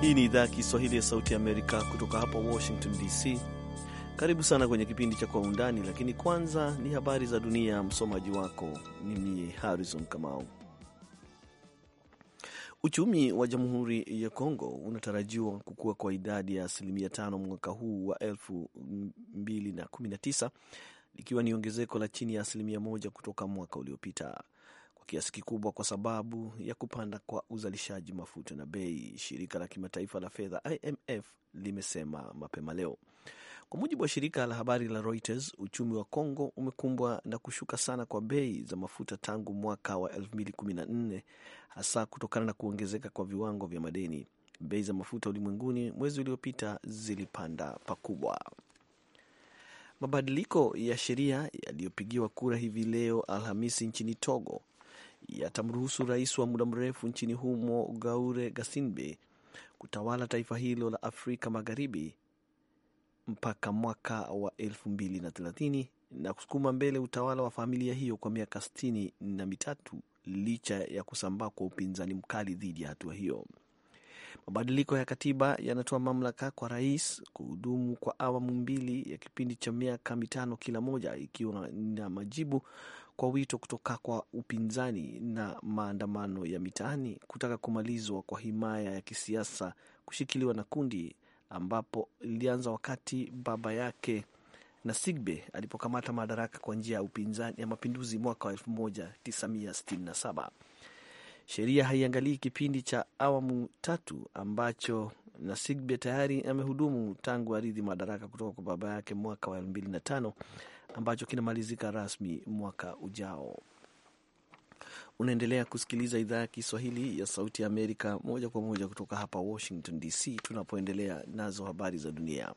Hii ni idhaa ya Kiswahili ya Sauti ya Amerika kutoka hapa Washington DC. Karibu sana kwenye kipindi cha Kwa Undani, lakini kwanza ni habari za dunia. Msomaji wako ni mie Harrison Kamau. Uchumi wa Jamhuri ya Kongo unatarajiwa kukua kwa idadi ya asilimia tano mwaka huu wa 219 likiwa ni ongezeko la chini ya asilimia moja kutoka mwaka uliopita kiasi kikubwa kwa sababu ya kupanda kwa uzalishaji mafuta na bei, shirika la kimataifa la fedha IMF limesema mapema leo. Kwa mujibu wa shirika la habari la Reuters, uchumi wa congo umekumbwa na kushuka sana kwa bei za mafuta tangu mwaka wa 2014 hasa kutokana na kuongezeka kwa viwango vya madeni. Bei za mafuta ulimwenguni mwezi uliopita zilipanda pakubwa. Mabadiliko ya sheria yaliyopigiwa kura hivi leo Alhamisi nchini Togo yatamruhusu rais wa muda mrefu nchini humo Gaure Gasinbe kutawala taifa hilo la Afrika Magharibi mpaka mwaka wa 2030 na kusukuma mbele utawala wa familia hiyo kwa miaka sitini na mitatu licha ya kusambaa kwa upinzani mkali dhidi ya hatua hiyo. Mabadiliko ya katiba yanatoa mamlaka kwa rais kuhudumu kwa awamu mbili ya kipindi cha miaka mitano kila moja, ikiwa na majibu kwa wito kutoka kwa upinzani na maandamano ya mitaani kutaka kumalizwa kwa himaya ya kisiasa kushikiliwa na kundi ambapo ilianza wakati baba yake Sigbe alipokamata madaraka kwa njia ya upinzani ya mapinduzi mwaka wa 1967. Sheria haiangalii kipindi cha awamu tatu ambacho Sigbe tayari amehudumu tangu aridhi madaraka kutoka kwa baba yake mwaka wa 2005 ambacho kinamalizika rasmi mwaka ujao. Unaendelea kusikiliza idhaa ya Kiswahili ya Sauti ya Amerika moja kwa moja kutoka hapa Washington DC, tunapoendelea nazo habari za dunia.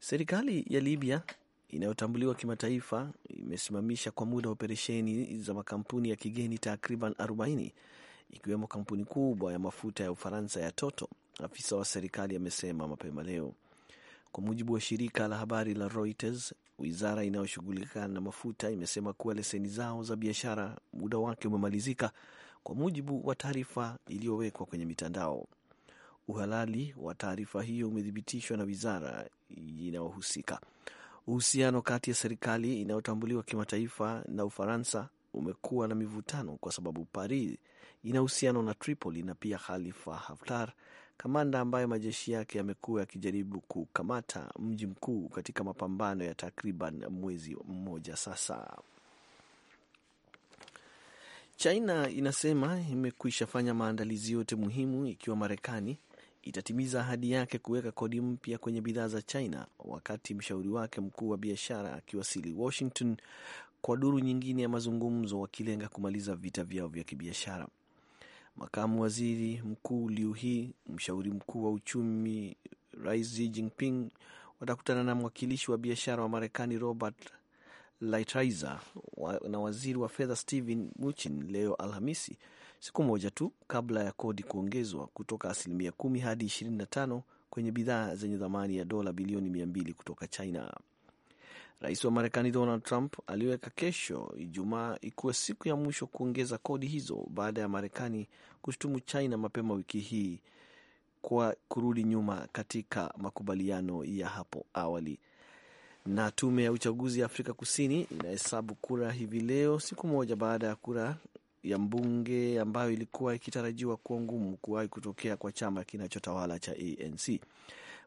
Serikali ya Libya inayotambuliwa kimataifa imesimamisha kwa muda operesheni za makampuni ya kigeni takriban 40 ikiwemo kampuni kubwa ya mafuta ya Ufaransa ya Toto, afisa wa serikali amesema mapema leo, kwa mujibu wa shirika la habari la Reuters. Wizara inayoshughulika na mafuta imesema kuwa leseni zao za biashara muda wake umemalizika, kwa mujibu wa taarifa iliyowekwa kwenye mitandao. Uhalali wa taarifa hiyo umethibitishwa na wizara inayohusika. Uhusiano kati ya serikali inayotambuliwa kimataifa na Ufaransa umekuwa na mivutano kwa sababu Paris ina uhusiano na Tripoli na pia Khalifa Haftar kamanda ambaye majeshi yake yamekuwa yakijaribu kukamata mji mkuu katika mapambano ya takriban mwezi mmoja sasa. China inasema imekwisha fanya maandalizi yote muhimu ikiwa Marekani itatimiza ahadi yake kuweka kodi mpya kwenye bidhaa za China, wakati mshauri wake mkuu wa biashara akiwasili Washington kwa duru nyingine ya mazungumzo, wakilenga kumaliza vita vyao vya kibiashara. Makamu waziri mkuu Liu He, mshauri mkuu wa uchumi Rais Xi Jinping watakutana na mwakilishi wa biashara wa Marekani Robert Lighthizer na waziri wa fedha Steven Mnuchin leo Alhamisi, siku moja tu kabla ya kodi kuongezwa kutoka asilimia kumi hadi 25 kwenye bidhaa zenye thamani ya dola bilioni mbili kutoka China. Rais wa Marekani Donald Trump aliweka kesho Ijumaa ikuwa siku ya mwisho kuongeza kodi hizo baada ya Marekani kushutumu China mapema wiki hii kwa kurudi nyuma katika makubaliano ya hapo awali. Na tume ya uchaguzi ya Afrika Kusini inahesabu kura hivi leo, siku moja baada ya kura ya mbunge ambayo ilikuwa ikitarajiwa kuwa ngumu kuwahi kutokea kwa chama kinachotawala cha ANC.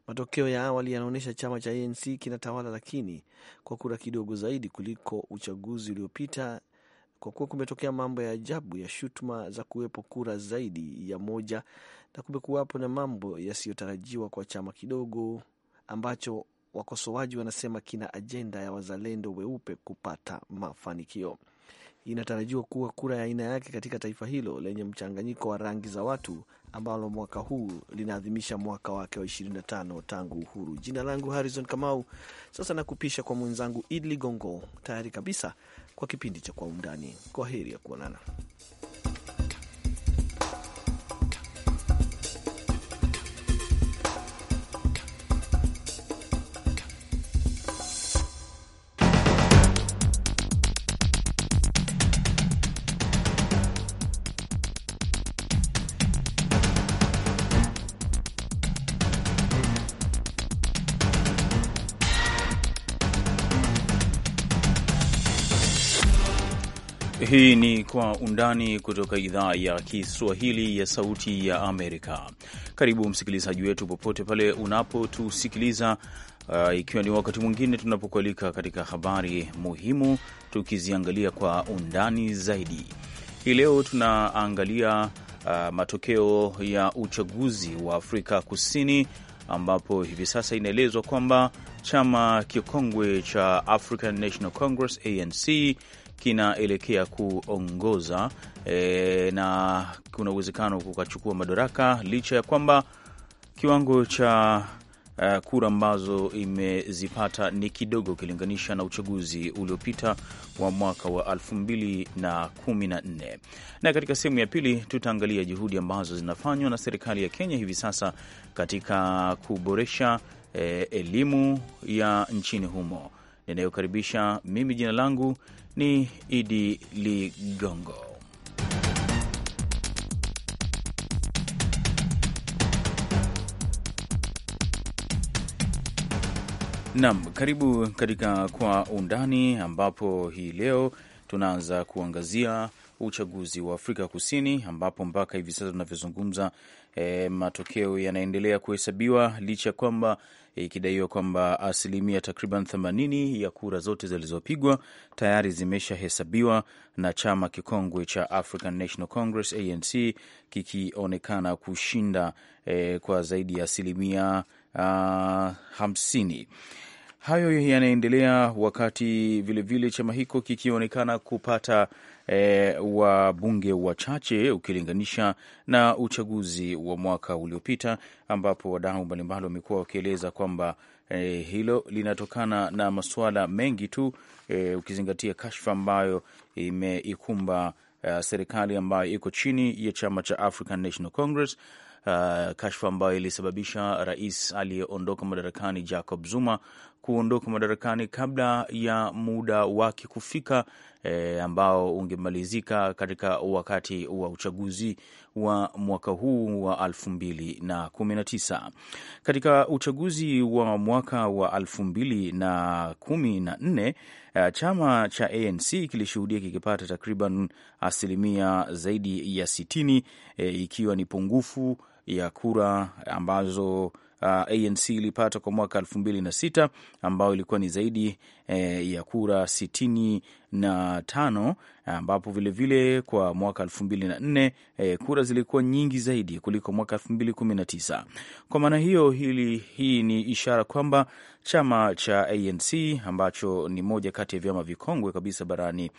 Matokeo ya awali yanaonyesha chama cha ANC kinatawala, lakini kwa kura kidogo zaidi kuliko uchaguzi uliopita, kwa kuwa kumetokea mambo ya ajabu ya shutuma za kuwepo kura zaidi ya moja na kumekuwapo na mambo yasiyotarajiwa kwa chama kidogo ambacho wakosoaji wanasema kina ajenda ya wazalendo weupe kupata mafanikio inatarajiwa kuwa kura ya aina yake katika taifa hilo lenye mchanganyiko wa rangi za watu ambalo mwaka huu linaadhimisha mwaka wake wa 25 tangu uhuru. Jina langu Harrison Kamau. Sasa nakupisha kwa mwenzangu Idli Gongo, tayari kabisa kwa kipindi cha Kwa Undani. Kwa heri ya kuonana. Hii ni Kwa Undani kutoka idhaa ya Kiswahili ya Sauti ya Amerika. Karibu msikilizaji wetu popote pale unapotusikiliza, uh, ikiwa ni wakati mwingine tunapokualika katika habari muhimu, tukiziangalia kwa undani zaidi. Hii leo tunaangalia uh, matokeo ya uchaguzi wa Afrika Kusini ambapo hivi sasa inaelezwa kwamba chama kikongwe cha African National Congress ANC kinaelekea kuongoza e, na kuna uwezekano kukachukua madaraka licha ya kwamba kiwango cha Uh, kura ambazo imezipata ni kidogo ukilinganisha na uchaguzi uliopita wa mwaka wa 2014. Na katika sehemu ya pili tutaangalia juhudi ambazo zinafanywa na serikali ya Kenya hivi sasa katika kuboresha eh, elimu ya nchini humo. Ninayokaribisha mimi, jina langu ni Idi Ligongo. nam karibu katika Kwa Undani, ambapo hii leo tunaanza kuangazia uchaguzi wa Afrika Kusini, ambapo mpaka hivi sasa tunavyozungumza, e, matokeo yanaendelea kuhesabiwa licha ya kwamba ikidaiwa kwamba asilimia takriban h0 ya kura zote zilizopigwa tayari zimeshahesabiwa na chama kikongwe cha African National Congress ANC kikionekana kushinda e, kwa zaidi ya asilimia uh, ah, 50. Hayo yanaendelea wakati vilevile chama hicho kikionekana kupata e, bunge wachache ukilinganisha na uchaguzi wa mwaka uliopita, ambapo wadau mbalimbali wamekuwa wakieleza kwamba e, hilo linatokana na masuala mengi tu e, ukizingatia kashfa ambayo imeikumba e, serikali ambayo iko chini ya chama cha African National Congress. Uh, kashfa ambayo ilisababisha rais aliyeondoka madarakani Jacob Zuma kuondoka madarakani kabla ya muda wake kufika, e, ambao ungemalizika katika wakati wa uchaguzi wa mwaka huu wa 2019. Katika uchaguzi wa mwaka wa 2014 e, chama cha ANC kilishuhudia kikipata takriban asilimia zaidi ya 60, e, ikiwa ni pungufu ya kura ambazo uh, ANC ilipata kwa mwaka elfu mbili na sita ambayo ilikuwa ni zaidi eh, ya kura sitini na tano ambapo vilevile kwa mwaka elfu mbili na nne eh, kura zilikuwa nyingi zaidi kuliko mwaka elfu mbili kumi na tisa. Kwa maana hiyo, hili hii ni ishara kwamba chama cha ANC ambacho ni moja kati ya vyama vikongwe kabisa barani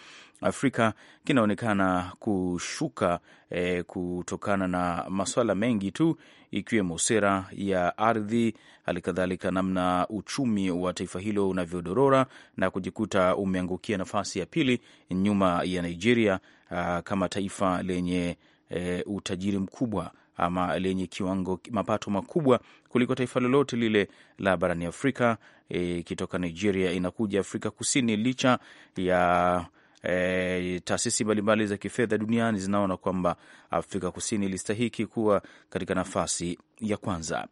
Afrika kinaonekana kushuka eh, kutokana na maswala mengi tu ikiwemo sera ya ardhi halikadhalika namna uchumi wa taifa hilo unavyodorora na kujikuta umeangukia nafasi ya pili nyuma ya Nigeria uh, kama taifa lenye e, utajiri mkubwa ama lenye kiwango mapato makubwa kuliko taifa lolote lile la barani Afrika. E, ikitoka e, Nigeria inakuja Afrika Kusini, licha ya e, taasisi mbalimbali za kifedha duniani zinaona kwamba Afrika Kusini ilistahiki kuwa katika nafasi ya kwanza.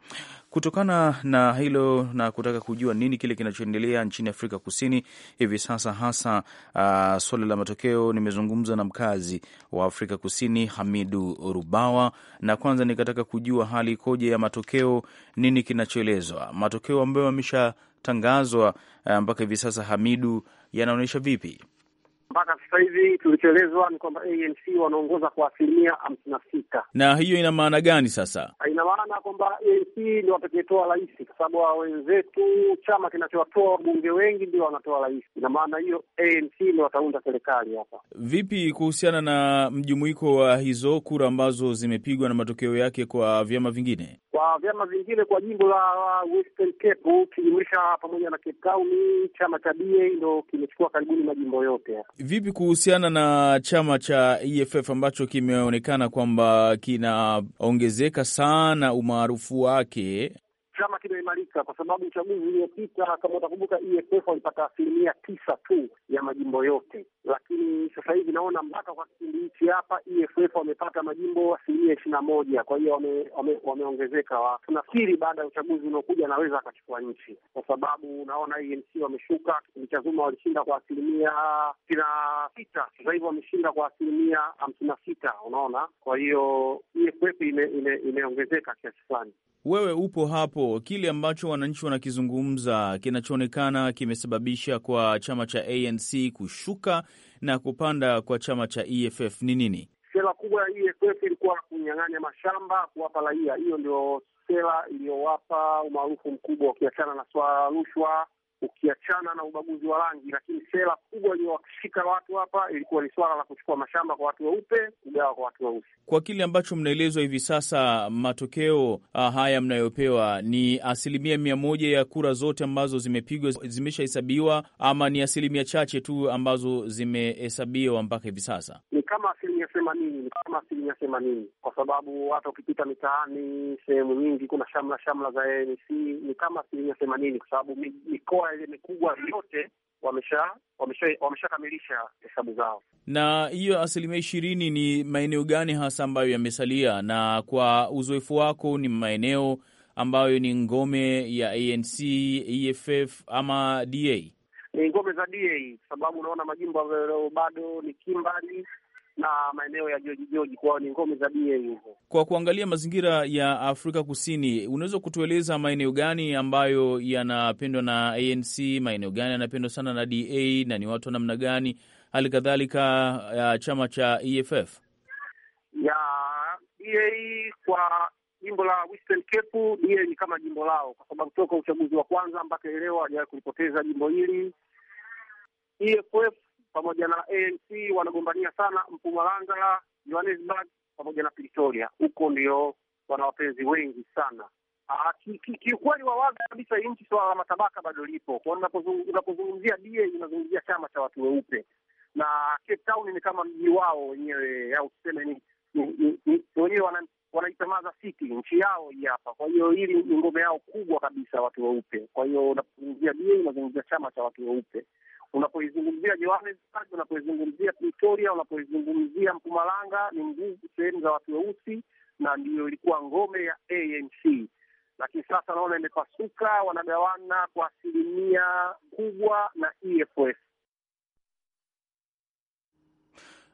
Kutokana na hilo na kutaka kujua nini kile kinachoendelea nchini Afrika Kusini hivi sasa, hasa uh, ah, suala la matokeo, nimezungumza na mkazi wa Afrika Kusini Hamidu Rubawa, na kwanza nikataka kujua hali ikoje ya matokeo, nini kinachoelezwa, matokeo ambayo yameshatangazwa uh, ah, mpaka hivi sasa, Hamidu, yanaonyesha vipi? Mpaka sasa hivi tulichoelezwa ni kwamba ANC wanaongoza kwa asilimia hamsini na sita. Na hiyo ina maana gani sasa? Ina maana kwamba ANC ndio watakayetoa rais, kwa sababu wenzetu chama kinachowatoa wabunge wengi ndio wanatoa rais. Ina maana hiyo ANC ndio wataunda serikali hapa. Vipi kuhusiana na mjumuiko wa hizo kura ambazo zimepigwa na matokeo yake kwa vyama vingine? kwa vyama vingine kwa jimbo la Western Cape ukijumlisha pamoja na Cape Town, chama cha DA ndo kimechukua karibuni majimbo yote. Vipi kuhusiana na chama cha EFF ambacho kimeonekana kwamba kinaongezeka sana umaarufu wake? Chama kimeimarika kwa sababu uchaguzi uliopita, kama utakumbuka, EFF walipata asilimia tisa tu ya majimbo yote lakini sasa hivi naona mpaka kwa kipindi hichi hapa EFF wamepata majimbo asilimia ishirini na moja. Kwa hiyo wameongezeka, tunafikiri baada ya uchaguzi unaokuja anaweza akachukua nchi, kwa sababu unaona ANC e wameshuka. Kipindi cha Zuma walishinda kwa asilimia sitini na sita, sasa hivi wameshinda kwa asilimia hamsini na sita. Unaona, kwa hiyo EFF imeongezeka ime, ime kiasi fulani. Wewe upo hapo, kile ambacho wananchi wanakizungumza kinachoonekana kimesababisha kwa chama cha ANC kushuka na kupanda kwa chama cha EFF ni nini? Sera kubwa ya EFF ilikuwa kunyang'anya mashamba, kuwapa raia. Hiyo ndio sera iliyowapa umaarufu mkubwa, ukiachana na swala la rushwa ukiachana na ubaguzi wa rangi, lakini sera kubwa iliyowashika watu hapa ilikuwa ni swala la kuchukua mashamba kwa watu weupe, kugawa kwa watu weusi. Kwa kile ambacho mnaelezwa hivi sasa, matokeo ah, haya mnayopewa ni asilimia mia moja ya kura zote ambazo zimepigwa zimeshahesabiwa, ama ni asilimia chache tu ambazo zimehesabiwa mpaka hivi sasa? Ni kama asilimia themanini, ni kama asilimia themanini, kwa sababu hata ukipita mitaani sehemu nyingi kuna shamla shamla za ANC. Ni kama asilimia themanini kwa sababu mikoa ile mikubwa yote wameshakamilisha wamesha, hesabu zao. Na hiyo asilimia ishirini ni maeneo gani hasa ambayo yamesalia? Na kwa uzoefu wako, ni maeneo ambayo ni ngome ya ANC, EFF ama DA? Ni ngome za DA, kwa sababu unaona majimbo ambayo bado ni kimbali na maeneo ya Joji Joji, kwao ni ngome za DA hizo. Kwa kuangalia mazingira ya Afrika Kusini, unaweza kutueleza maeneo gani ambayo yanapendwa na ANC, maeneo gani yanapendwa sana na DA na ni watu wa namna gani? Hali kadhalika uh, chama cha EFF ya DA kwa jimbo la Western Cape, DA ni kama jimbo lao, kwa sababu toka uchaguzi wa kwanza mpaka leo hawajawahi kulipoteza jimbo hili. EFF pamoja na ANC wanagombania sana Mpumalanga, Johannesburg pamoja na Pretoria. Huko ndio wana wapenzi wengi sana. Ah, kiukweli wa wazi kabisa, hii nchi suala la matabaka bado lipo. Kwa unapozungumzia DA unazungumzia chama cha watu weupe, na Cape Town ni kama mji wao wenyewe, au tuseme ni wenyewe wanaitamaza city, nchi yao hii hapa. Kwa hiyo hili ni ngome yao kubwa kabisa, watu weupe. Kwa hiyo unapozungumzia DA unazungumzia chama cha watu weupe. Unapoizungumzia Johannesburg, unapoizungumzia Pretoria, unapoizungumzia Mpumalanga, ni nguvu sehemu za watu weusi, na ndiyo ilikuwa ngome ya ANC, lakini sasa naona imepasuka, wanagawana kwa asilimia kubwa na EFF.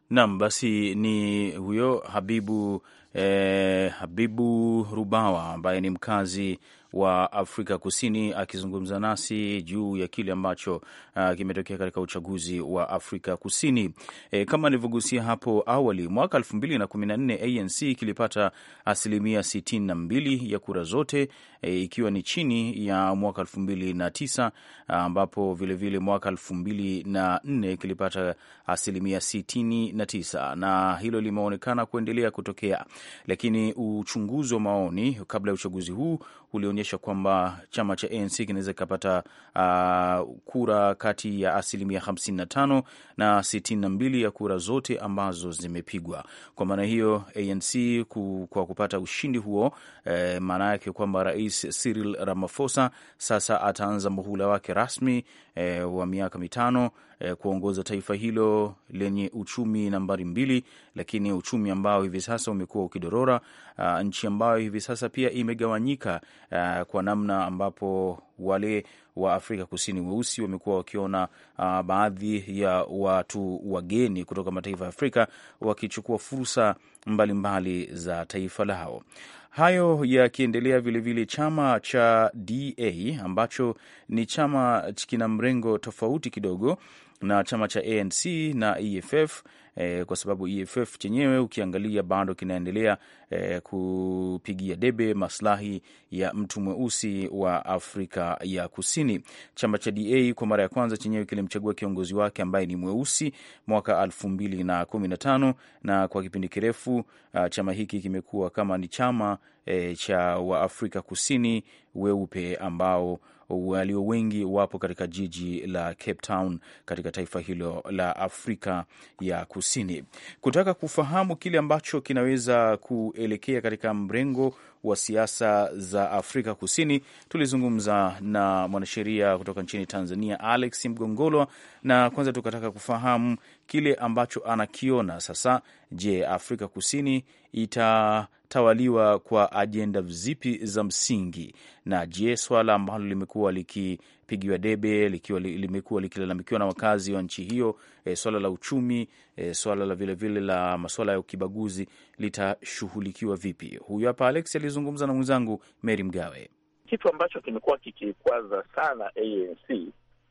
Naam, basi ni huyo Habibu eh, Habibu Rubawa ambaye ni mkazi wa Afrika Kusini akizungumza nasi juu ya kile ambacho uh, kimetokea katika uchaguzi wa Afrika Kusini. E, kama nilivyogusia hapo awali, mwaka 2014 ANC kilipata asilimia 62 ya kura zote e, ikiwa ni chini ya mwaka 2009 ambapo vilevile mwaka 2004 kilipata asilimia 69, na hilo limeonekana kuendelea kutokea, lakini uchunguzi wa maoni kabla ya uchaguzi huu ulionyesha kwamba chama cha ANC kinaweza kikapata uh, ah, kura kati ya asilimia 55 na 62 ya kura zote ambazo zimepigwa. Kwa maana hiyo ANC ku, kwa kupata ushindi huo eh, maana yake kwamba Rais Cyril Ramaphosa sasa ataanza muhula wake rasmi eh, wa miaka mitano Eh, kuongoza taifa hilo lenye uchumi nambari mbili, lakini uchumi ambao hivi sasa umekuwa ukidorora, ah, nchi ambayo hivi sasa pia imegawanyika ah, kwa namna ambapo wale wa Afrika Kusini weusi wamekuwa wakiona uh, baadhi ya watu wageni kutoka mataifa ya Afrika wakichukua fursa mbalimbali mbali za taifa lao. Hayo yakiendelea, vilevile chama cha DA ambacho ni chama kina mrengo tofauti kidogo na chama cha ANC na EFF eh, kwa sababu EFF chenyewe ukiangalia bado kinaendelea eh, kupigia debe maslahi ya mtu mweusi wa Afrika ya Kusini. Chama cha DA kwa mara ya kwanza chenyewe kilimchagua kiongozi wake ambaye ni mweusi mwaka elfu mbili na kumi na tano na kwa kipindi kirefu ah, chama hiki kimekuwa kama ni chama eh, cha Waafrika Kusini weupe ambao walio wengi wapo katika jiji la Cape Town katika taifa hilo la Afrika ya Kusini. Kutaka kufahamu kile ambacho kinaweza kuelekea katika mrengo wa siasa za Afrika Kusini, tulizungumza na mwanasheria kutoka nchini Tanzania Alex Mgongolwa, na kwanza tukataka kufahamu kile ambacho anakiona sasa. Je, Afrika Kusini itatawaliwa kwa ajenda zipi za msingi? Na je, swala ambalo limekuwa likipigiwa debe likiwa limekuwa likilalamikiwa na wakazi wa nchi hiyo e, swala la uchumi e, swala la vilevile vile la masuala ya ukibaguzi litashughulikiwa vipi? Huyu hapa Alex alizungumza na mwenzangu Mary Mgawe. Kitu ambacho kimekuwa kikikwaza sana ANC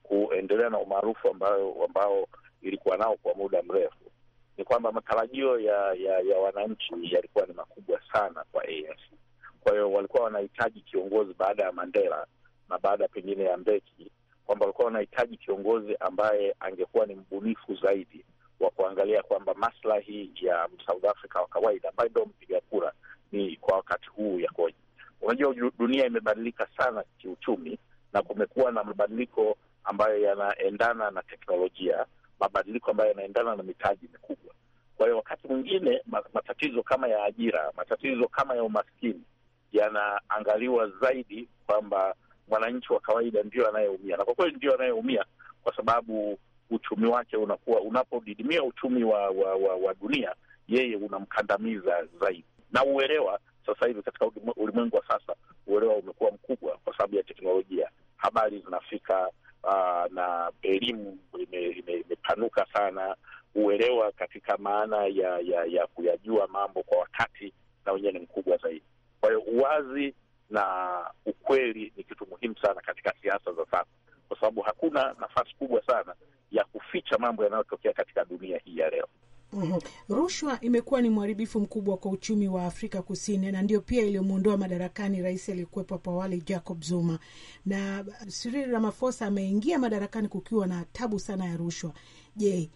kuendelea na umaarufu ambao ambao ilikuwa nao kwa muda mrefu, ni kwamba matarajio ya, ya, ya wananchi yalikuwa ni makubwa sana kwa ANC. Kwa hiyo walikuwa wanahitaji kiongozi baada ya Mandela na baada pengine ya Mbeki, kwamba walikuwa wanahitaji kiongozi ambaye angekuwa ni mbunifu zaidi wa kuangalia kwamba maslahi ya South Africa wa kawaida ambayo ndio mpiga kura ni kwa wakati huu yakoje. Unajua, dunia imebadilika sana kiuchumi na kumekuwa na mabadiliko ambayo yanaendana na teknolojia mabadiliko ambayo yanaendana na mitaji mikubwa. Kwa hiyo wakati mwingine matatizo kama ya ajira, matatizo kama ya umaskini yanaangaliwa zaidi kwamba mwananchi wa kawaida ndio anayeumia, na kwa kweli ndio anayeumia kwa sababu uchumi wake unakuwa, unapodidimia uchumi wa, wa, wa, wa dunia, yeye unamkandamiza zaidi. Na uelewa sasa hivi katika ulimwengu wa sasa, uelewa umekuwa mkubwa kwa sababu ya teknolojia, habari zinafika uh, na elimu imepanuka sana, uelewa katika maana ya ya, ya kuyajua mambo kwa wakati na wenyewe ni mkubwa zaidi. Kwa hiyo uwazi na ukweli ni kitu muhimu sana katika siasa za sasa, kwa sababu hakuna nafasi kubwa sana ya kuficha mambo yanayotokea katika dunia hii ya leo. Mm -hmm. Rushwa imekuwa ni mharibifu mkubwa kwa uchumi wa Afrika Kusini na ndio pia iliyomwondoa madarakani rais aliyekuwepo hapo awali Jacob Zuma, na Cyril Ramaphosa ameingia madarakani kukiwa na tabu sana ya rushwa. Je,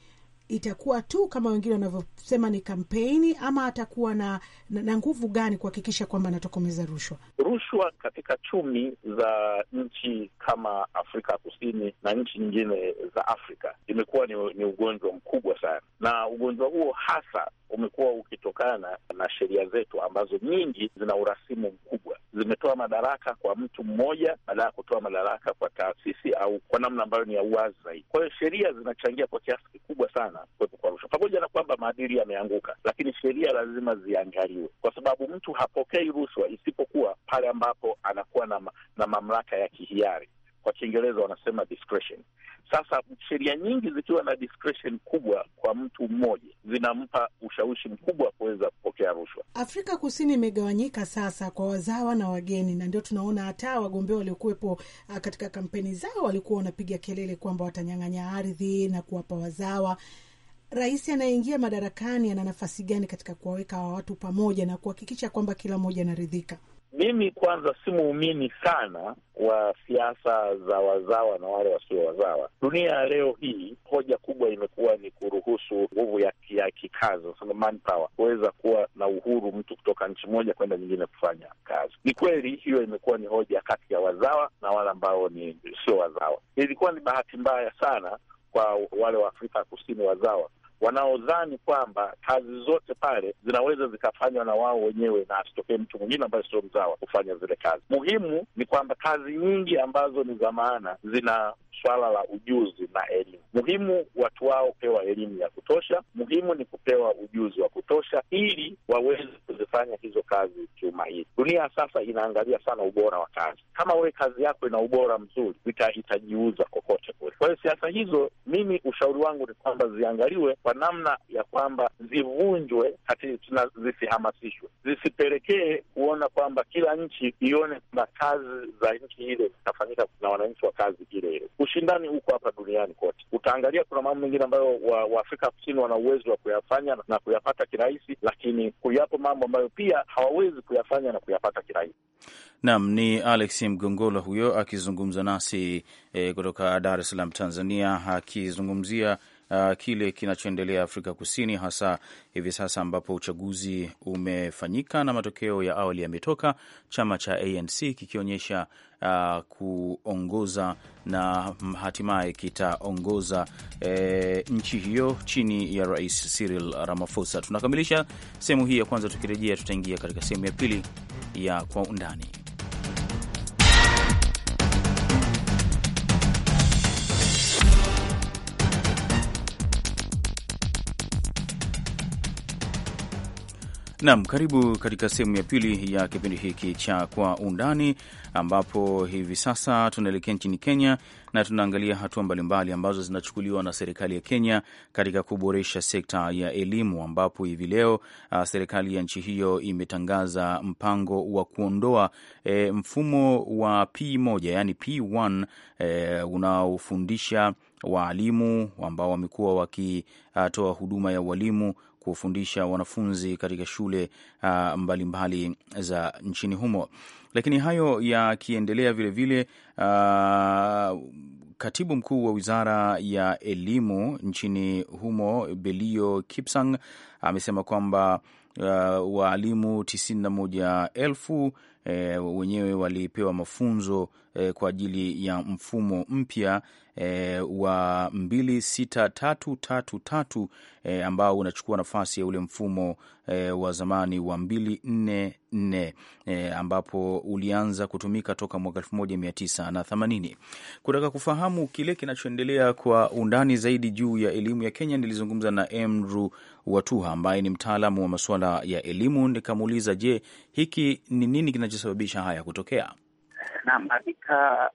itakuwa tu kama wengine wanavyosema ni kampeni, ama atakuwa na, na, na nguvu gani kuhakikisha kwamba anatokomeza rushwa? Rushwa katika chumi za nchi kama Afrika Kusini na nchi nyingine za Afrika imekuwa ni, ni ugonjwa mkubwa sana, na ugonjwa huo hasa umekuwa ukitokana na sheria zetu ambazo nyingi zina urasimu mkubwa, zimetoa madaraka kwa mtu mmoja badala ya kutoa madaraka kwa taasisi au kwa namna ambayo ni ya uwazi zaidi. Kwa hiyo sheria zinachangia kwa kiasi kikubwa sana sana kuwepo kwa rushwa, pamoja na kwamba maadili yameanguka, lakini sheria lazima ziangaliwe, kwa sababu mtu hapokei rushwa isipokuwa pale ambapo anakuwa na, na mamlaka ya kihiari kwa Kiingereza wanasema discretion. Sasa sheria nyingi zikiwa na discretion kubwa kwa mtu mmoja zinampa ushawishi mkubwa kuweza kupokea rushwa. Afrika Kusini imegawanyika sasa kwa wazawa na wageni, na ndio tunaona hata wagombea waliokuwepo uh, katika kampeni zao walikuwa wanapiga kelele kwamba watanyang'anya ardhi na kuwapa wazawa. Rais anayeingia madarakani ana nafasi gani katika kuwaweka hawa watu pamoja na kuhakikisha kwamba kila mmoja anaridhika? Mimi kwanza si muumini sana wa siasa za wazawa na wale wasio wazawa. Dunia ya leo hii, hoja kubwa imekuwa ni kuruhusu nguvu ya, ya kikazi, nasema manpower, kuweza kuwa na uhuru mtu kutoka nchi moja kwenda nyingine kufanya kazi. Ni kweli hiyo imekuwa ni hoja kati ya wazawa na wale ambao ni sio wazawa. Ilikuwa ni bahati mbaya sana kwa wale wa Afrika Kusini wazawa wanaodhani kwamba kazi zote pale zinaweza zikafanywa na wao wenyewe na asitokee mtu mwingine ambaye sio mzawa kufanya zile kazi. Muhimu ni kwamba kazi nyingi ambazo ni za maana zina swala la ujuzi na elimu. Muhimu watu wao hupewa elimu ya kutosha, muhimu ni kupewa ujuzi wa kutosha ili waweze kuzifanya hizo kazi kiumahiri. Dunia sasa inaangalia sana ubora wa kazi. Kama wewe kazi yako ina ubora mzuri, itajiuza kokote kule. Kwa hiyo siasa hizo, mimi ushauri wangu ni kwamba ziangaliwe kwa namna ya kwamba zivunjwe, hati zisihamasishwe, zisipelekee kuona kwamba kila nchi ione kwamba kazi za nchi ile zinafanyika na wananchi wa kazi ile ile. Ushindani huko hapa duniani kote, utaangalia kuna mambo mengine ambayo Waafrika wa Kusini wana uwezo wa kuyafanya na kuyapata kirahisi, lakini kuyapo mambo ambayo pia hawawezi kuyafanya na kuyapata kirahisi. Naam, ni Alex Mgongola huyo akizungumza nasi eh, kutoka Dar es Salaam, Tanzania, akizungumzia uh, kile kinachoendelea Afrika Kusini, hasa hivi sasa ambapo uchaguzi umefanyika na matokeo ya awali yametoka, chama cha ANC kikionyesha uh, kuongoza na hatimaye kitaongoza eh, nchi hiyo chini ya Rais Cyril Ramaphosa. Tunakamilisha sehemu hii ya kwanza, tukirejea tutaingia katika sehemu ya pili ya kwa undani. Naam, karibu katika sehemu ya pili ya kipindi hiki cha Kwa Undani, ambapo hivi sasa tunaelekea nchini Kenya na tunaangalia hatua mbalimbali ambazo zinachukuliwa na serikali ya Kenya katika kuboresha sekta ya elimu, ambapo hivi leo uh, serikali ya nchi hiyo imetangaza mpango wa kuondoa e, mfumo wa P1 yani P1 e, eh, unaofundisha waalimu ambao wamekuwa wakitoa huduma ya ualimu kufundisha wanafunzi katika shule uh, mbalimbali za nchini humo. Lakini hayo yakiendelea, vilevile uh, ah, katibu mkuu wa wizara ya elimu nchini humo Belio Kipsang amesema kwamba uh, waalimu tisini na moja elfu E, wenyewe walipewa mafunzo e, kwa ajili ya mfumo mpya e, wa 26333 e, eh, ambao unachukua nafasi ya ule mfumo e, wa zamani wa 244 e, ambapo ulianza kutumika toka mwaka 1980. Kutaka kufahamu kile kinachoendelea kwa undani zaidi juu ya elimu ya Kenya, nilizungumza na Emru Watuha ambaye ni mtaalamu wa masuala ya elimu, nikamuuliza je, hiki ni nini kinachosababisha haya kutokea? Naam, katika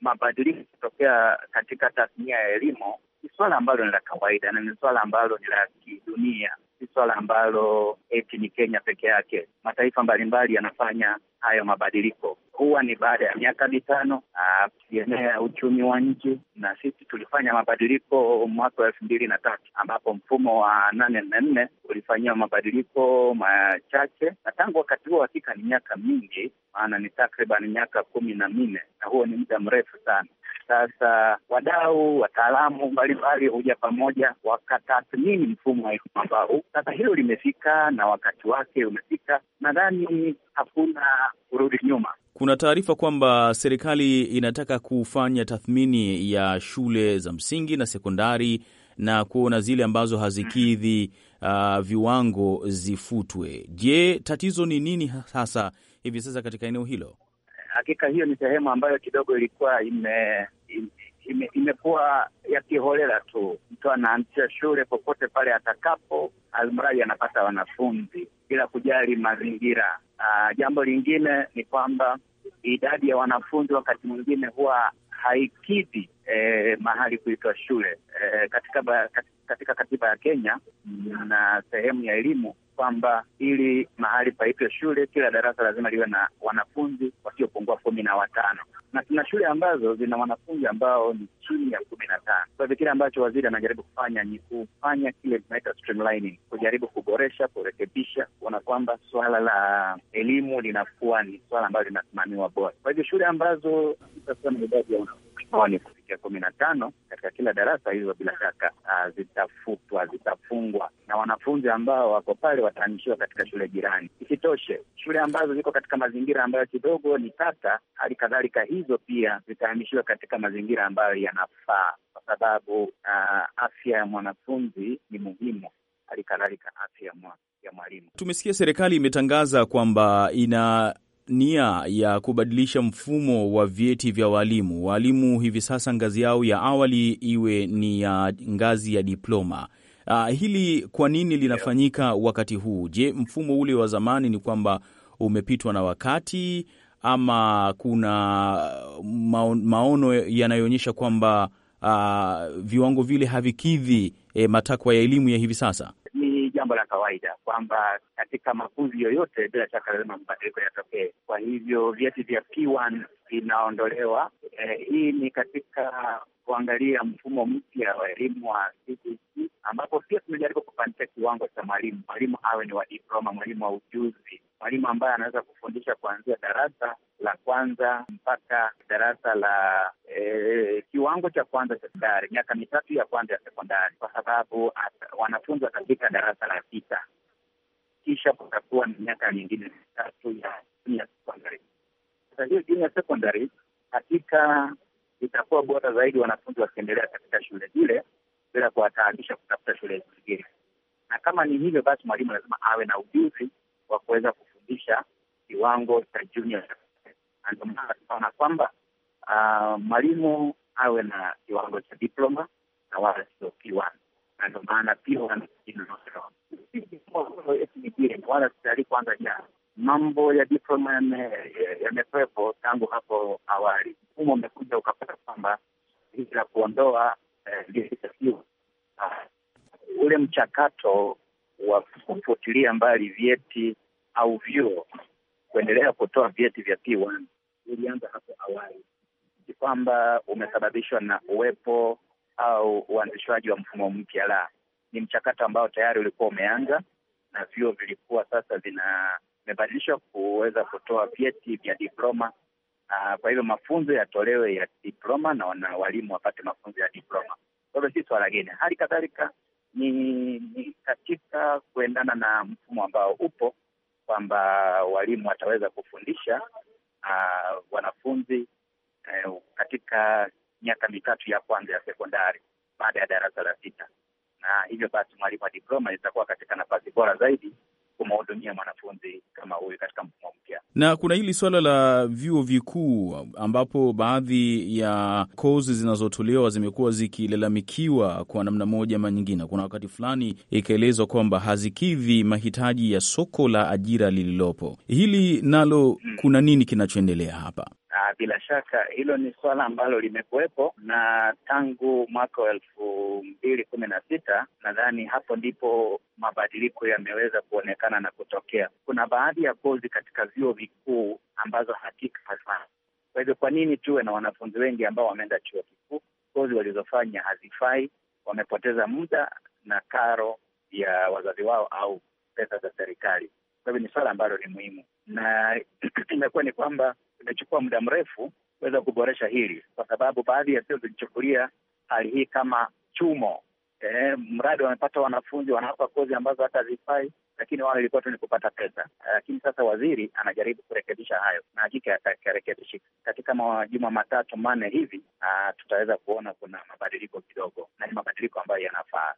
mabadiliko kutokea katika tasnia ya elimu ni swala ambalo ni la kawaida na ni swala ambalo ni la kidunia, si swala ambalo eti ni Kenya peke yake. Mataifa mbalimbali yanafanya hayo mabadiliko, huwa ni baada ya miaka mitano ah, kutegemea uchumi wa nchi. Na sisi tulifanya mabadiliko mwaka wa elfu mbili na tatu ambapo mfumo wa nane nne nne ulifanyiwa mabadiliko machache, na tangu wakati huo hakika ni miaka mingi, maana ni takriban miaka kumi na minne, na huo ni muda mrefu sana sasa wadau wataalamu mbalimbali huja pamoja wakatathmini mfumo wa elimu ambao sasa, hilo limefika na wakati wake umefika. Nadhani hakuna kurudi nyuma. Kuna taarifa kwamba serikali inataka kufanya tathmini ya shule za msingi na sekondari na kuona zile ambazo hazikidhi uh, viwango zifutwe. Je, tatizo ni nini hasa hivi sasa katika eneo hilo? hakika hiyo ni sehemu ambayo kidogo ilikuwa ime, ime, ime imekuwa ya kiholela tu. Mtu anaanzisha shule popote pale atakapo, almradi anapata wanafunzi bila kujali mazingira. Ah, jambo lingine ni kwamba idadi ya wanafunzi wakati mwingine huwa haikidhi eh, mahali kuitwa shule eh, katika, katika katiba ya Kenya na sehemu ya elimu kwamba ili mahali paitwe shule, kila darasa lazima liwe na wanafunzi wasiopungua kumi na watano na tuna shule ambazo zina wanafunzi ambao ni chini ya kumi na tano. Kwa hivyo kile ambacho waziri anajaribu kufanya ni kufanya kile tunaita streamlining, kujaribu kuboresha, kurekebisha, kuona kwamba swala la elimu linakuwa ni swala ambalo linasimamiwa bora. Kwa hivyo shule ambazo sasa na idadi ya wanafunzi ya kumi na tano katika kila darasa, hizo bila shaka ah, zitafutwa, zitafungwa na wanafunzi ambao wako pale watahamishiwa katika shule jirani. Isitoshe, shule ambazo ziko katika mazingira ambayo kidogo ni tata, hali kadhalika hizo pia zitahamishiwa katika mazingira ambayo yanafaa, kwa sababu uh, afya ya mwanafunzi ni muhimu, hali kadhalika afya ya mwalimu. Tumesikia serikali imetangaza kwamba ina nia ya kubadilisha mfumo wa vyeti vya walimu. Walimu hivi sasa ngazi yao ya awali iwe ni ya ngazi ya diploma. Uh, hili kwa nini linafanyika wakati huu? Je, mfumo ule wa zamani ni kwamba umepitwa na wakati ama kuna maono yanayoonyesha kwamba uh, viwango vile havikidhi eh, matakwa ya elimu ya hivi sasa? jambo la kawaida kwamba katika makuzi yoyote, bila shaka lazima mabadiliko yatokee. Kwa hivyo vyeti vya P1 vinaondolewa. Eh, hii ni katika kuangalia mfumo mpya wa elimu wa CBC ambapo pia tumejaribu kupandisha kiwango cha mwalimu, mwalimu awe ni wa diploma, mwalimu wa ujuzi, mwalimu ambaye anaweza kufundisha kuanzia darasa la kwanza mpaka darasa la e, kiwango cha kwanza cha sekondari, miaka mitatu ya kwanza ya sekondari, kwa sababu wanafunzwa katika darasa la sita, kisha kutakuwa na miaka mingine mitatu ya ya sekondari. Sasa hiyo junior secondary hakika itakuwa bora zaidi wanafunzi wakiendelea katika shule zile bila kuwataabisha kutafuta shule zingine, na kama ni hivyo basi mwalimu lazima awe na ujuzi wa kuweza kufundisha kiwango cha junior. Ndio maana tunaona kwamba uh, mwalimu awe na kiwango cha diploma na wala sio P1, na ndio maana p wala sitali kwanza jana mambo ya diploma yamepepo ya tangu hapo awali. Mfumo umekuja ukapata kwamba hili la kuondoa eh, ah, ule mchakato wa kufutilia mbali vyeti au vyuo kuendelea kutoa vyeti vya P1 ulianza hapo awali, si kwamba umesababishwa na uwepo au uanzishwaji wa mfumo mpya, la ni mchakato ambao tayari ulikuwa umeanza na vyuo vilikuwa sasa vina imebadilishwa kuweza kutoa vyeti vya diploma na kwa hivyo mafunzo yatolewe ya diploma na wana walimu wapate mafunzo ya diploma. Kwa hivyo si swala geni. Hali kadhalika ni, ni katika kuendana na mfumo ambao upo kwamba walimu wataweza kufundisha uh, wanafunzi uh, katika miaka mitatu ya kwanza ya sekondari baada ya darasa la sita, na hivyo basi mwalimu wa diploma itakuwa katika nafasi bora zaidi kumhudumia mwanafunzi kama huyu katika mfumo mpya. Na kuna hili suala la vyuo vikuu ambapo baadhi ya kozi zinazotolewa zimekuwa zikilalamikiwa kwa namna moja ama nyingine. Kuna wakati fulani ikaelezwa kwamba hazikidhi mahitaji ya soko la ajira lililopo. Hili nalo, kuna nini kinachoendelea hapa? Uh, bila shaka hilo ni suala ambalo limekuwepo na tangu mwaka wa elfu mbili kumi na sita nadhani hapo ndipo mabadiliko yameweza kuonekana na kutokea. Kuna baadhi ya kozi katika vyuo vikuu ambazo hakika hazifai. Kwa hivyo, kwa nini tuwe na wanafunzi wengi ambao wameenda chuo kikuu, kozi walizofanya hazifai, wamepoteza muda na karo ya wazazi wao au pesa za serikali? Kwa hivyo ni suala ambalo ni muhimu na imekuwa ni kwamba imechukua muda mrefu kuweza kuboresha hili, kwa sababu baadhi ya sio zilichukulia hali hii kama chumo. eh, mradi wamepata wanafunzi wanawapa kozi ambazo hata hazifai, lakini wao ilikuwa tu ni kupata pesa. Eh, lakini sasa waziri anajaribu kurekebisha hayo, na hakika yatarekebishika. Katika majuma matatu manne hivi, ah, tutaweza kuona kuna mabadiliko.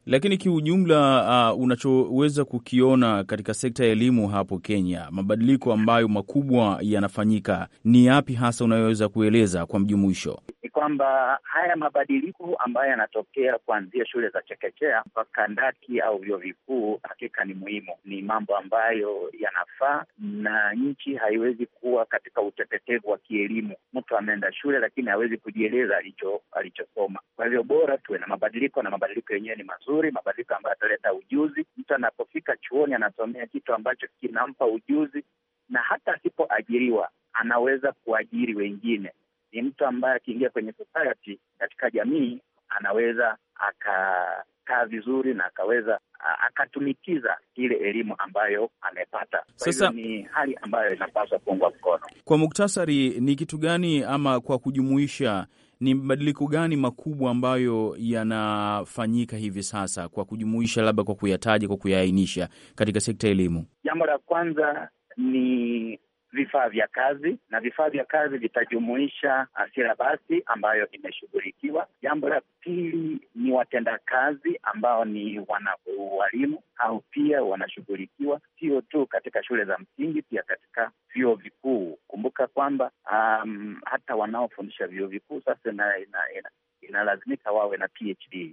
Lakini kiujumla, uh, unachoweza kukiona katika sekta ya elimu hapo Kenya, mabadiliko ambayo makubwa yanafanyika ni yapi hasa, unayoweza kueleza kwa mjumuisho? kwamba haya mabadiliko ambayo yanatokea kuanzia shule za chekechea mpaka ndaki au vyuo vikuu hakika ni muhimu, ni mambo ambayo yanafaa, na nchi haiwezi kuwa katika utepetevu wa kielimu. Mtu ameenda shule lakini hawezi kujieleza alicho alichosoma. Kwa hivyo bora tuwe na mabadiliko, na mabadiliko yenyewe ni mazuri, mabadiliko ambayo yataleta ujuzi. Mtu anapofika chuoni anasomea kitu ambacho kinampa ujuzi, na hata asipoajiriwa anaweza kuajiri wengine ni mtu ambaye akiingia kwenye society, katika jamii, anaweza akakaa vizuri na akaweza akatumikiza ile elimu ambayo amepata. Sasa ni hali ambayo inapaswa kuungwa mkono. Kwa muktasari, ni kitu gani ama kwa kujumuisha ni mabadiliko gani makubwa ambayo yanafanyika hivi sasa, kwa kujumuisha, labda kwa kuyataja, kwa kuyaainisha katika sekta ya elimu? Jambo la kwanza ni vifaa vya kazi, na vifaa vya kazi vitajumuisha silabasi ambayo imeshughulikiwa. Jambo la pili ni watendakazi ambao ni wana walimu au pia wanashughulikiwa, sio tu katika shule za msingi, pia katika vyuo vikuu. Kumbuka kwamba um, hata wanaofundisha vyuo vikuu sasa inalazimika ina, ina wawe na PhD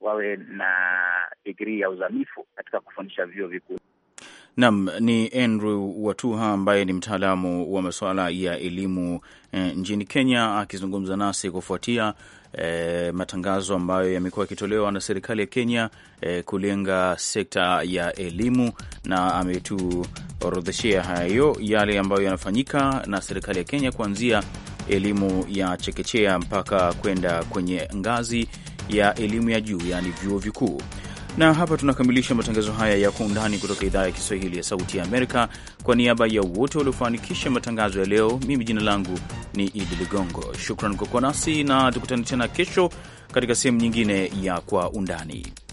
wawe na digrii ya uzamifu katika kufundisha vyuo vikuu. Nam ni Andrew Watuha ambaye ni mtaalamu wa masuala ya elimu e, nchini Kenya akizungumza nasi kufuatia e, matangazo ambayo yamekuwa yakitolewa na serikali ya Kenya e, kulenga sekta ya elimu, na ametuorodheshea hayo yale ambayo yanafanyika na serikali ya Kenya kuanzia elimu ya chekechea mpaka kwenda kwenye ngazi ya elimu ya juu, yaani vyuo vikuu. Na hapa tunakamilisha matangazo haya ya Kwa Undani kutoka idhaa ya Kiswahili ya Sauti ya Amerika. Kwa niaba ya wote waliofanikisha matangazo ya leo, mimi jina langu ni Idi Ligongo. Shukran kwa kuwa nasi na tukutane tena kesho katika sehemu nyingine ya Kwa Undani.